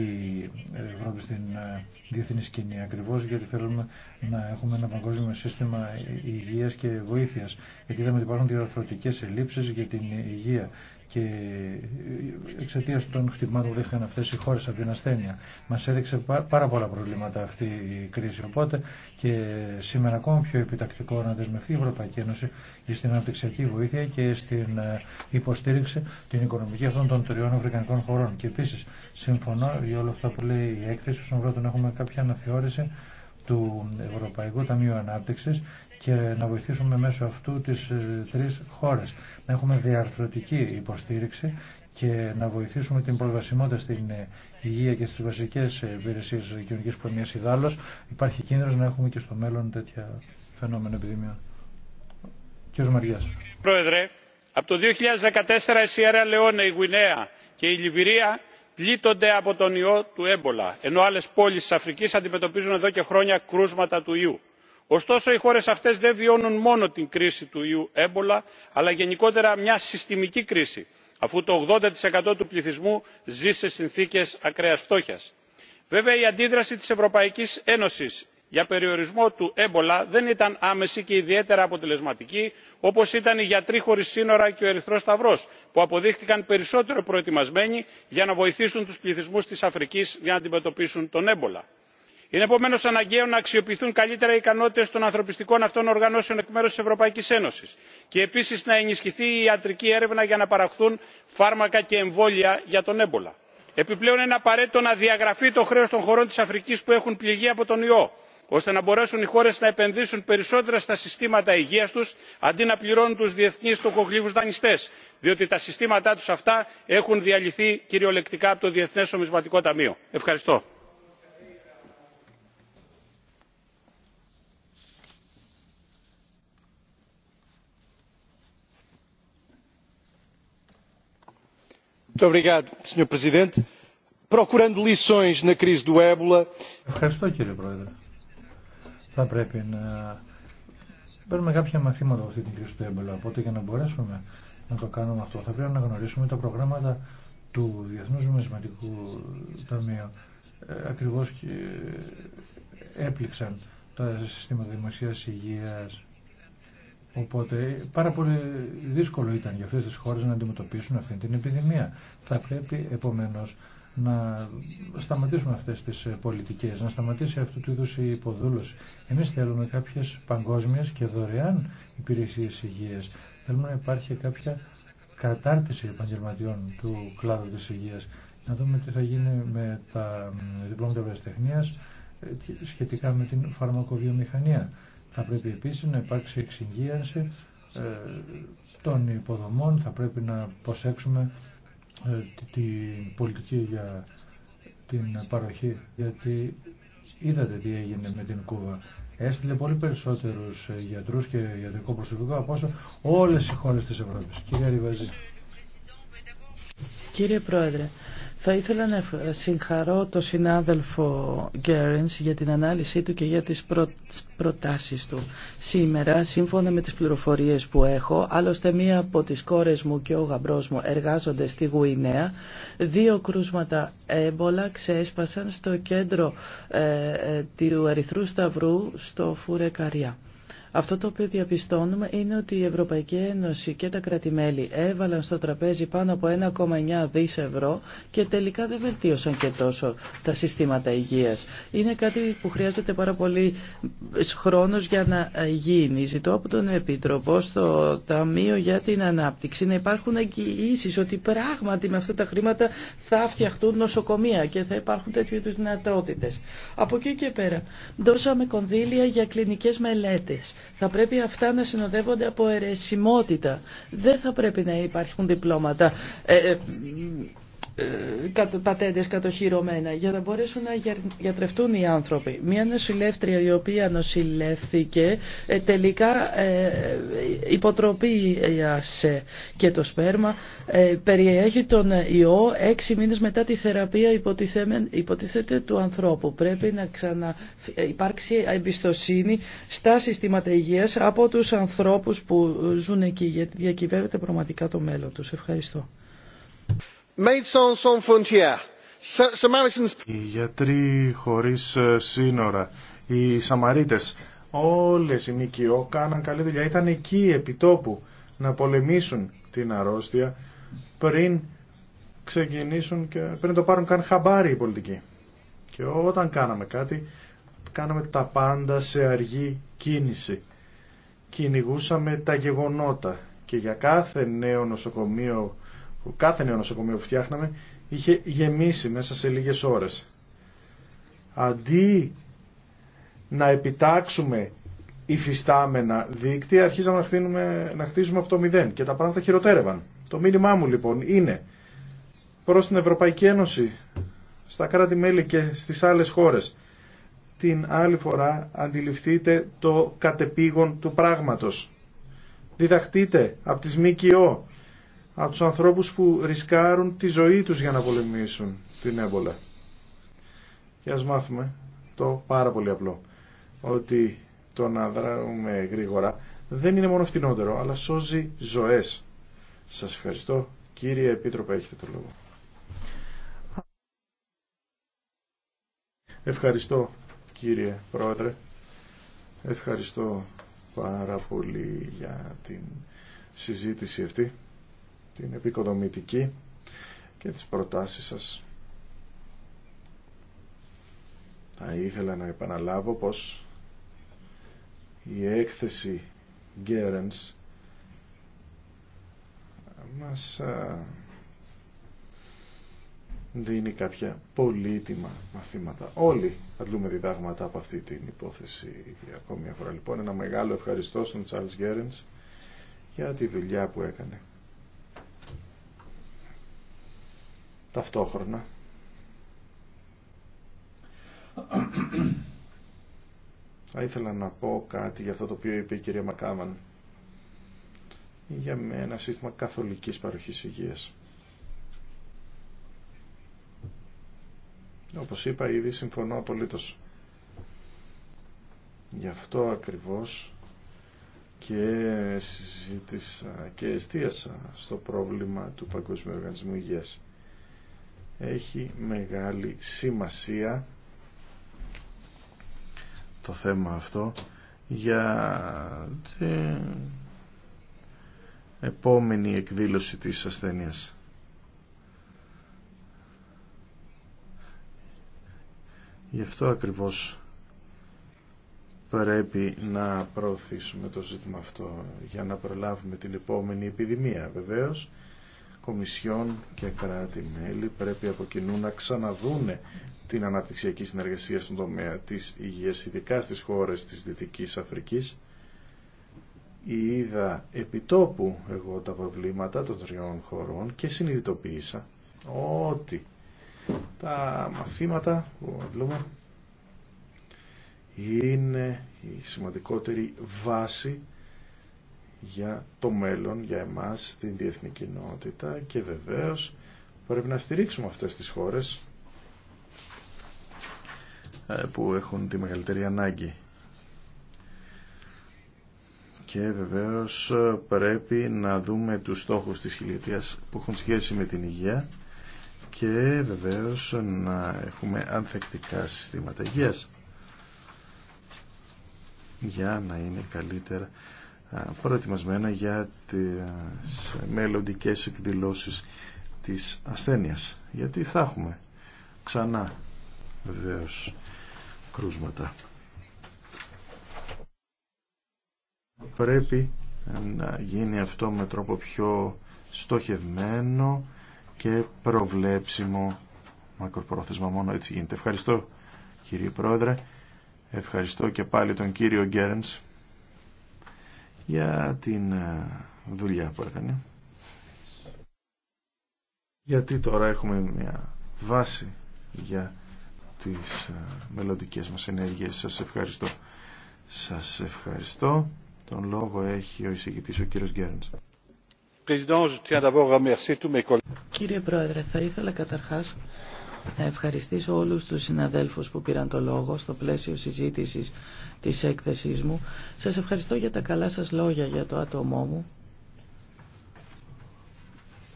Ευρώπη στην ε, διεθνή σκηνή ακριβώς γιατί θέλουμε να έχουμε ένα παγκόσμιο σύστημα υγείας και βοήθειας γιατί είδαμε ότι υπάρχουν διαρθρωτικέ ελλείψεις για την υγεία και εξαιτία των χτυπημάτων που δέχτηκαν αυτέ οι χώρε από την ασθένεια. Μα έδειξε πάρα πολλά προβλήματα αυτή η κρίση. Οπότε και σήμερα ακόμα πιο επιτακτικό να δεσμευτεί η Ευρωπαϊκή Ένωση στην αναπτυξιακή βοήθεια και στην ε, υποστήριξη την οικονομική αυτών των τριών αφρικανικών χωρών. Και επίση συμφωνώ για όλα αυτά που λέει η έκθεση, όσον αφορά να έχουμε κάποια αναθεώρηση του Ευρωπαϊκού Ταμείου Ανάπτυξη και να βοηθήσουμε μέσω αυτού τι ε, τρει χώρε. Να έχουμε διαρθρωτική υποστήριξη και να βοηθήσουμε την προσβασιμότητα στην ε, υγεία και στις βασικές υπηρεσίε κοινωνικής προνοιάς ιδάλλως. Υπάρχει κίνδυνος να έχουμε και στο μέλλον τέτοια φαινόμενα επιδημία. Κύριος Μαριάς. Πρόεδρε, από το 2014 η Σιέρα Λεόνε, η Γουινέα, και η λιβυρία πλήττονται από τον ιό του έμπολα ενώ άλλες πόλεις της αφρικής αντιμετωπίζουν εδώ και χρόνια κρούσματα του ιού. ωστόσο οι χώρες αυτές δεν βιώνουν μόνο την κρίση του ιού έμπολα αλλά γενικότερα μια συστημική κρίση αφού το 80% του πληθυσμού ζει σε συνθήκες ακραίας φτώχειας. βέβαια η αντίδραση της ευρωπαϊκής ένωσης για περιορισμό του έμπολα δεν ήταν άμεση και ιδιαίτερα αποτελεσματική όπως ήταν οι γιατροί χωρίς σύνορα και ο ερυθρός σταυρός που αποδείχτηκαν περισσότερο προετοιμασμένοι για να βοηθήσουν τους πληθυσμούς της αφρικής για να αντιμετωπίσουν τον έμπολα. είναι επομένω αναγκαίο να αξιοποιηθούν καλύτερα οι ικανότητες των ανθρωπιστικών αυτών οργανώσεων εκ μέρου τη Ευρωπαϊκή Ένωση και επίση να ενισχυθεί η ιατρική έρευνα για να παραχθούν φάρμακα και εμβόλια για τον έμπολα. επιπλέον είναι απαραίτητο να διαγραφεί το χρέο των χωρών τη Αφρική που έχουν πληγεί από τον ιό ώστε να μπορέσουν οι χώρες να επενδύσουν περισσότερα στα συστήματα υγείας τους αντί να πληρώνουν τους διεθνείς τοκογλύφους δανειστές διότι τα συστήματά τους αυτά έχουν διαλυθεί κυριολεκτικά από το διεθνές νομισματικό ταμείο. ευχαριστώ θα πρέπει να παίρνουμε κάποια μαθήματα από αυτή την κρίση του έμπολα. Οπότε για να μπορέσουμε να το κάνουμε αυτό θα πρέπει να γνωρίσουμε τα προγράμματα του Διεθνούς Νομισματικού Ταμείου. Ε, ακριβώς και έπληξαν τα συστήματα δημοσίας υγείας. Οπότε πάρα πολύ δύσκολο ήταν για αυτές τις χώρες να αντιμετωπίσουν αυτή την επιδημία. Θα πρέπει επομένως να σταματήσουμε αυτές τις ε, πολιτικές, να σταματήσει αυτού του είδους η υποδούλωση. Εμείς θέλουμε κάποιες παγκόσμιες και δωρεάν υπηρεσίες υγείας. Θέλουμε να υπάρχει κάποια κατάρτιση επαγγελματιών του κλάδου της υγείας. Να δούμε τι θα γίνει με τα διπλώματα βραστεχνίας ε, σχετικά με την φαρμακοβιομηχανία. Θα πρέπει επίσης να υπάρξει εξυγίανση ε, των υποδομών, θα πρέπει να προσέξουμε ε, την πολιτική για την παροχή, γιατί είδατε τι έγινε με την Κούβα. Έστειλε πολύ περισσότερους ε, γιατρούς και ιατρικό προσωπικό από όσο όλες οι χώρες της Ευρώπης. Κύριε Ριβαζή. Κύριε Πρόεδρε, θα ήθελα να ε, συγχαρώ τον συνάδελφο Γκέρενς για την ανάλυση του και για τις προτάσεις του. Σήμερα, σύμφωνα με τις πληροφορίες που έχω, άλλωστε μία από τις κόρες μου και ο γαμπρός μου εργάζονται στη Γουινέα, δύο κρούσματα έμπολα ξέσπασαν στο κέντρο ε, ε, του Ερυθρού Σταυρού στο Φουρεκαριά. Αυτό το οποίο διαπιστώνουμε είναι ότι η Ευρωπαϊκή Ένωση και τα κρατημέλη έβαλαν στο τραπέζι πάνω από 1,9 δις ευρώ και τελικά δεν βελτίωσαν και τόσο τα συστήματα υγείας. Είναι κάτι που χρειάζεται πάρα πολύ χρόνος για να γίνει. Ζητώ από τον Επίτροπο στο Ταμείο για την Ανάπτυξη να υπάρχουν εγγυήσεις ότι πράγματι με αυτά τα χρήματα θα φτιαχτούν νοσοκομεία και θα υπάρχουν τέτοιου είδους δυνατότητες. Από εκεί και πέρα δώσαμε κονδύλια για κλινικές μελέτες θα πρέπει αυτά να συνοδεύονται από αιρεσιμότητα. Δεν θα πρέπει να υπάρχουν διπλώματα. Ε, ε, ε, Πατέντε κατοχυρωμένα για να μπορέσουν να γιατρευτούν οι άνθρωποι. Μία νοσηλεύτρια η οποία νοσηλεύθηκε ε, τελικά ε, υποτροπίασε και το σπέρμα περιέχει τον ιό έξι μήνες μετά τη θεραπεία υποτίθεται του ανθρώπου. Πρέπει να ξανα υπάρξει εμπιστοσύνη στα συστήματα υγείας από τους ανθρώπους που ζουν εκεί γιατί διακυβεύεται πραγματικά το μέλλον του. Ευχαριστώ. Οι γιατροί χωρίς ε, σύνορα, οι Σαμαρίτες, όλες οι ΜΚΟ κάναν καλή δουλειά. Ήταν εκεί επιτόπου να πολεμήσουν την αρρώστια πριν ξεκινήσουν και πριν το πάρουν καν χαμπάρι οι πολιτικοί. Και όταν κάναμε κάτι, κάναμε τα πάντα σε αργή κίνηση. Κυνηγούσαμε τα γεγονότα και για κάθε νέο νοσοκομείο που κάθε νέο νοσοκομείο που φτιάχναμε είχε γεμίσει μέσα σε λίγες ώρες. Αντί να επιτάξουμε υφιστάμενα δίκτυα, αρχίζαμε να, χτίζουμε, να χτίζουμε από το μηδέν και τα πράγματα χειροτέρευαν. Το μήνυμά μου λοιπόν είναι προς την Ευρωπαϊκή Ένωση, στα κράτη-μέλη και στις άλλες χώρες, την άλλη φορά αντιληφθείτε το κατεπήγον του πράγματος. Διδαχτείτε από τις ΜΚΟ, από τους ανθρώπους που ρισκάρουν τη ζωή τους για να πολεμήσουν την έμπολα. Και ας μάθουμε το πάρα πολύ απλό, ότι το να δράουμε γρήγορα δεν είναι μόνο φτηνότερο, αλλά σώζει ζωές. Σας ευχαριστώ. Κύριε Επίτροπε, έχετε το λόγο. Ευχαριστώ, κύριε Πρόεδρε. Ευχαριστώ πάρα πολύ για την συζήτηση αυτή την επικοδομητική και τις προτάσεις σας. Θα ήθελα να επαναλάβω πως η έκθεση Γκέρενς μας δίνει κάποια πολύτιμα μαθήματα. Όλοι αντλούμε διδάγματα από αυτή την υπόθεση ακόμη μια φορά. Λοιπόν, ένα μεγάλο ευχαριστώ στον Τσάλς Γκέρενς για τη δουλειά που έκανε. ταυτόχρονα. Θα ήθελα να πω κάτι για αυτό το οποίο είπε η κυρία Μακάμαν για ένα σύστημα καθολικής παροχής υγείας. Όπως είπα ήδη συμφωνώ απολύτως. Γι' αυτό ακριβώς και συζήτησα και εστίασα στο πρόβλημα του Παγκόσμιου Οργανισμού Υγείας έχει μεγάλη σημασία το θέμα αυτό για την επόμενη εκδήλωση της ασθένειας. Γι' αυτό ακριβώς πρέπει να προωθήσουμε το ζήτημα αυτό για να προλάβουμε την επόμενη επιδημία. Βεβαίως, Κομισιόν και κράτη-μέλη πρέπει από κοινού να ξαναδούνε την αναπτυξιακή συνεργασία στον τομέα της υγείας, ειδικά στις χώρες της Δυτικής Αφρικής. Είδα επιτόπου εγώ τα προβλήματα των τριών χωρών και συνειδητοποίησα ότι τα μαθήματα που αντλούμε είναι η σημαντικότερη βάση για το μέλλον, για εμάς, την διεθνή κοινότητα και βεβαίως πρέπει να στηρίξουμε αυτές τις χώρες ε, που έχουν τη μεγαλύτερη ανάγκη. Και βεβαίως ε, πρέπει να δούμε τους στόχους της χιλιετίας που έχουν σχέση με την υγεία και βεβαίως να έχουμε ανθεκτικά συστήματα υγείας για να είναι καλύτερα προετοιμασμένα για τις μελλοντικές εκδηλώσεις της ασθένειας. Γιατί θα έχουμε ξανά βεβαίω κρούσματα. Πρέπει να γίνει αυτό με τρόπο πιο στοχευμένο και προβλέψιμο μακροπρόθεσμα μόνο έτσι γίνεται. Ευχαριστώ κύριε Πρόεδρε, ευχαριστώ και πάλι τον κύριο Γκέρνς για την ε, δουλειά που έκανε. Γιατί τώρα έχουμε μια βάση για τις ε, μελλοντικέ μας ενέργειες. Σας ευχαριστώ. Σας ευχαριστώ. Τον λόγο έχει ο εισηγητής ο κύριος Γκέρντς. Κύριε Πρόεδρε, θα ήθελα καταρχάς θα ευχαριστήσω όλους τους συναδέλφους που πήραν το λόγο στο πλαίσιο συζήτησης της έκθεσής μου. Σας ευχαριστώ για τα καλά σας λόγια για το άτομό μου.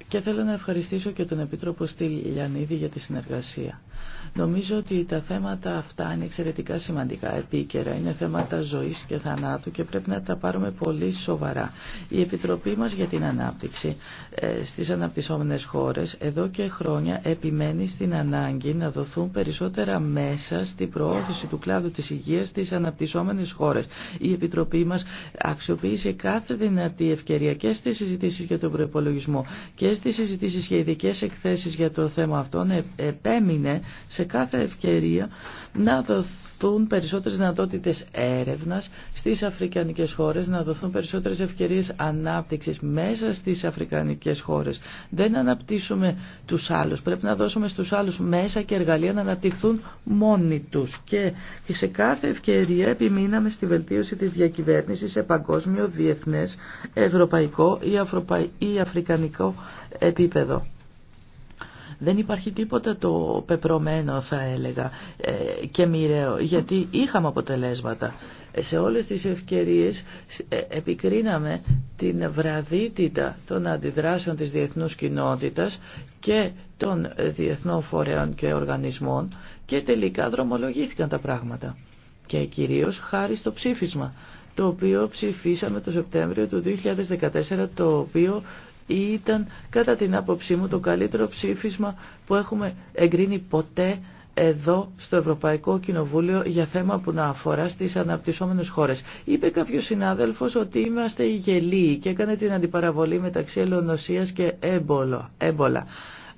Και θέλω να ευχαριστήσω και τον Επίτροπο Στυλιανίδη για τη συνεργασία. Νομίζω ότι τα θέματα αυτά είναι εξαιρετικά σημαντικά, επίκαιρα, είναι θέματα ζωής και θανάτου και πρέπει να τα πάρουμε πολύ σοβαρά. Η Επιτροπή μας για την Ανάπτυξη ε, στις αναπτυσσόμενες χώρες εδώ και χρόνια επιμένει στην ανάγκη να δοθούν περισσότερα μέσα στην προώθηση του κλάδου της υγείας στις αναπτυσσόμενες χώρες. Η Επιτροπή μας αξιοποίησε κάθε δυνατή ευκαιρία και στις συζητήσεις για τον προπολογισμό και στις συζητήσεις για ειδικέ εκθέσεις για το θέμα αυτό ε, επέμεινε σε κάθε ευκαιρία να δοθούν περισσότερες δυνατότητες έρευνας στις αφρικανικές χώρες, να δοθούν περισσότερες ευκαιρίες ανάπτυξης μέσα στις αφρικανικές χώρες. Δεν αναπτύσσουμε τους άλλους. Πρέπει να δώσουμε στους άλλους μέσα και εργαλεία να αναπτυχθούν μόνοι τους. Και σε κάθε ευκαιρία επιμείναμε στη βελτίωση της διακυβέρνησης σε παγκόσμιο, διεθνές, ευρωπαϊκό ή αφρικανικό επίπεδο. Δεν υπάρχει τίποτα το πεπρωμένο θα έλεγα ε, και μοιραίο γιατί είχαμε αποτελέσματα. Ε, σε όλες τις ευκαιρίες ε, επικρίναμε την βραδύτητα των αντιδράσεων της διεθνούς κοινότητας και των διεθνών φορέων και οργανισμών και τελικά δρομολογήθηκαν τα πράγματα. Και κυρίως χάρη στο ψήφισμα το οποίο ψηφίσαμε το Σεπτέμβριο του 2014, το οποίο ήταν κατά την άποψή μου το καλύτερο ψήφισμα που έχουμε εγκρίνει ποτέ εδώ στο Ευρωπαϊκό Κοινοβούλιο για θέμα που να αφορά στις αναπτυσσόμενες χώρες. Είπε κάποιος συνάδελφος ότι είμαστε γελοί και έκανε την αντιπαραβολή μεταξύ ελονοσίας και έμπολα.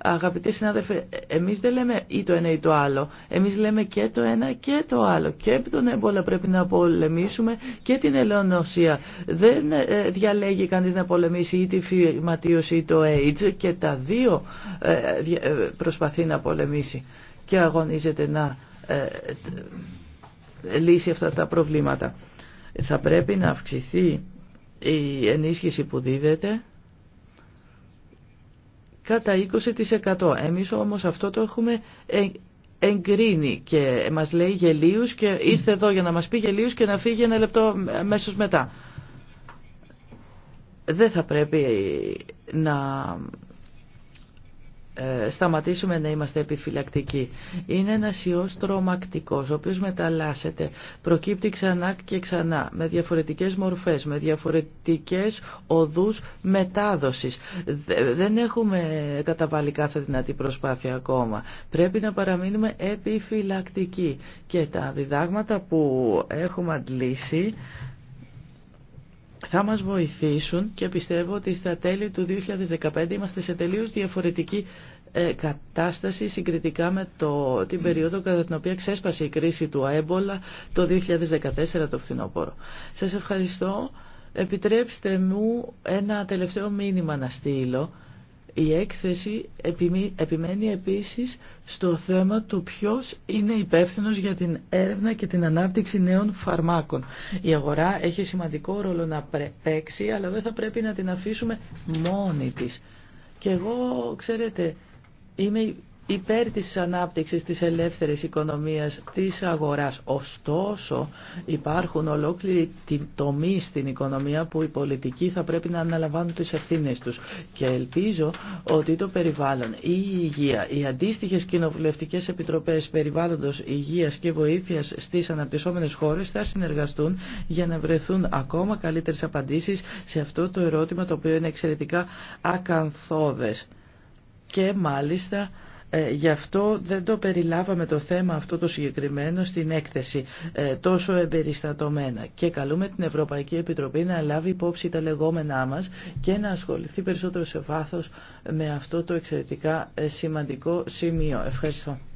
Αγαπητοί συνάδελφοι, εμείς δεν λέμε ή το ένα ή το άλλο. Εμείς λέμε και το ένα και το άλλο. Και τον έμπολα πρέπει να πολεμήσουμε και την ελαιονοσία. Δεν ε, διαλέγει κανείς να πολεμήσει ή τη φυματίωση ή το AIDS και τα δύο ε, ε, προσπαθεί να πολεμήσει και αγωνίζεται να λύσει αυτά τα προβλήματα. Θα πρέπει να αυξηθεί η ενίσχυση που δίδεται κατά 20%. Εμείς όμως αυτό το έχουμε ε, εγκρίνει και μας λέει γελίους και ήρθε εδώ για να μας πει γελίους και να φύγει ένα λεπτό αμέσω μετά. Δεν θα πρέπει να ε, σταματήσουμε να είμαστε επιφυλακτικοί. Είναι ένας ιός τρομακτικός, ο οποίος μεταλλάσσεται, προκύπτει ξανά και ξανά, με διαφορετικές μορφές, με διαφορετικές οδούς μετάδοσης. Δεν έχουμε καταβάλει κάθε δυνατή προσπάθεια ακόμα. Πρέπει να παραμείνουμε επιφυλακτικοί. Και τα διδάγματα που έχουμε αντλήσει θα μας βοηθήσουν και πιστεύω ότι στα τέλη του 2015 είμαστε σε τελείως διαφορετική ε, κατάσταση συγκριτικά με το, την περίοδο κατά την οποία ξέσπασε η κρίση του αέμπολα το 2014 το φθινόπωρο. Σας ευχαριστώ. Επιτρέψτε μου ένα τελευταίο μήνυμα να στείλω. Η έκθεση επιμένει επίσης στο θέμα του ποιος είναι υπεύθυνος για την έρευνα και την ανάπτυξη νέων φαρμάκων. Η αγορά έχει σημαντικό ρόλο να παίξει, αλλά δεν θα πρέπει να την αφήσουμε μόνη της. Και εγώ, ξέρετε, είμαι υπέρ της ανάπτυξης της ελεύθερης οικονομίας της αγοράς. Ωστόσο υπάρχουν ολόκληροι τομεί στην οικονομία που οι πολιτικοί θα πρέπει να αναλαμβάνουν τις ευθύνες τους. Και ελπίζω ότι το περιβάλλον, η η υγεία, οι αντίστοιχες κοινοβουλευτικέ επιτροπές περιβάλλοντος υγείας και βοήθειας στις αναπτυσσόμενες χώρες θα συνεργαστούν για να βρεθούν ακόμα καλύτερες απαντήσεις σε αυτό το ερώτημα το οποίο είναι εξαιρετικά ακαθόδε Και μάλιστα ε, γι' αυτό δεν το περιλάβαμε το θέμα αυτό το συγκεκριμένο στην έκθεση ε, τόσο εμπεριστατωμένα και καλούμε την Ευρωπαϊκή Επιτροπή να λάβει υπόψη τα λεγόμενά μας και να ασχοληθεί περισσότερο σε βάθος με αυτό το εξαιρετικά ε, σημαντικό σημείο. Ευχαριστώ.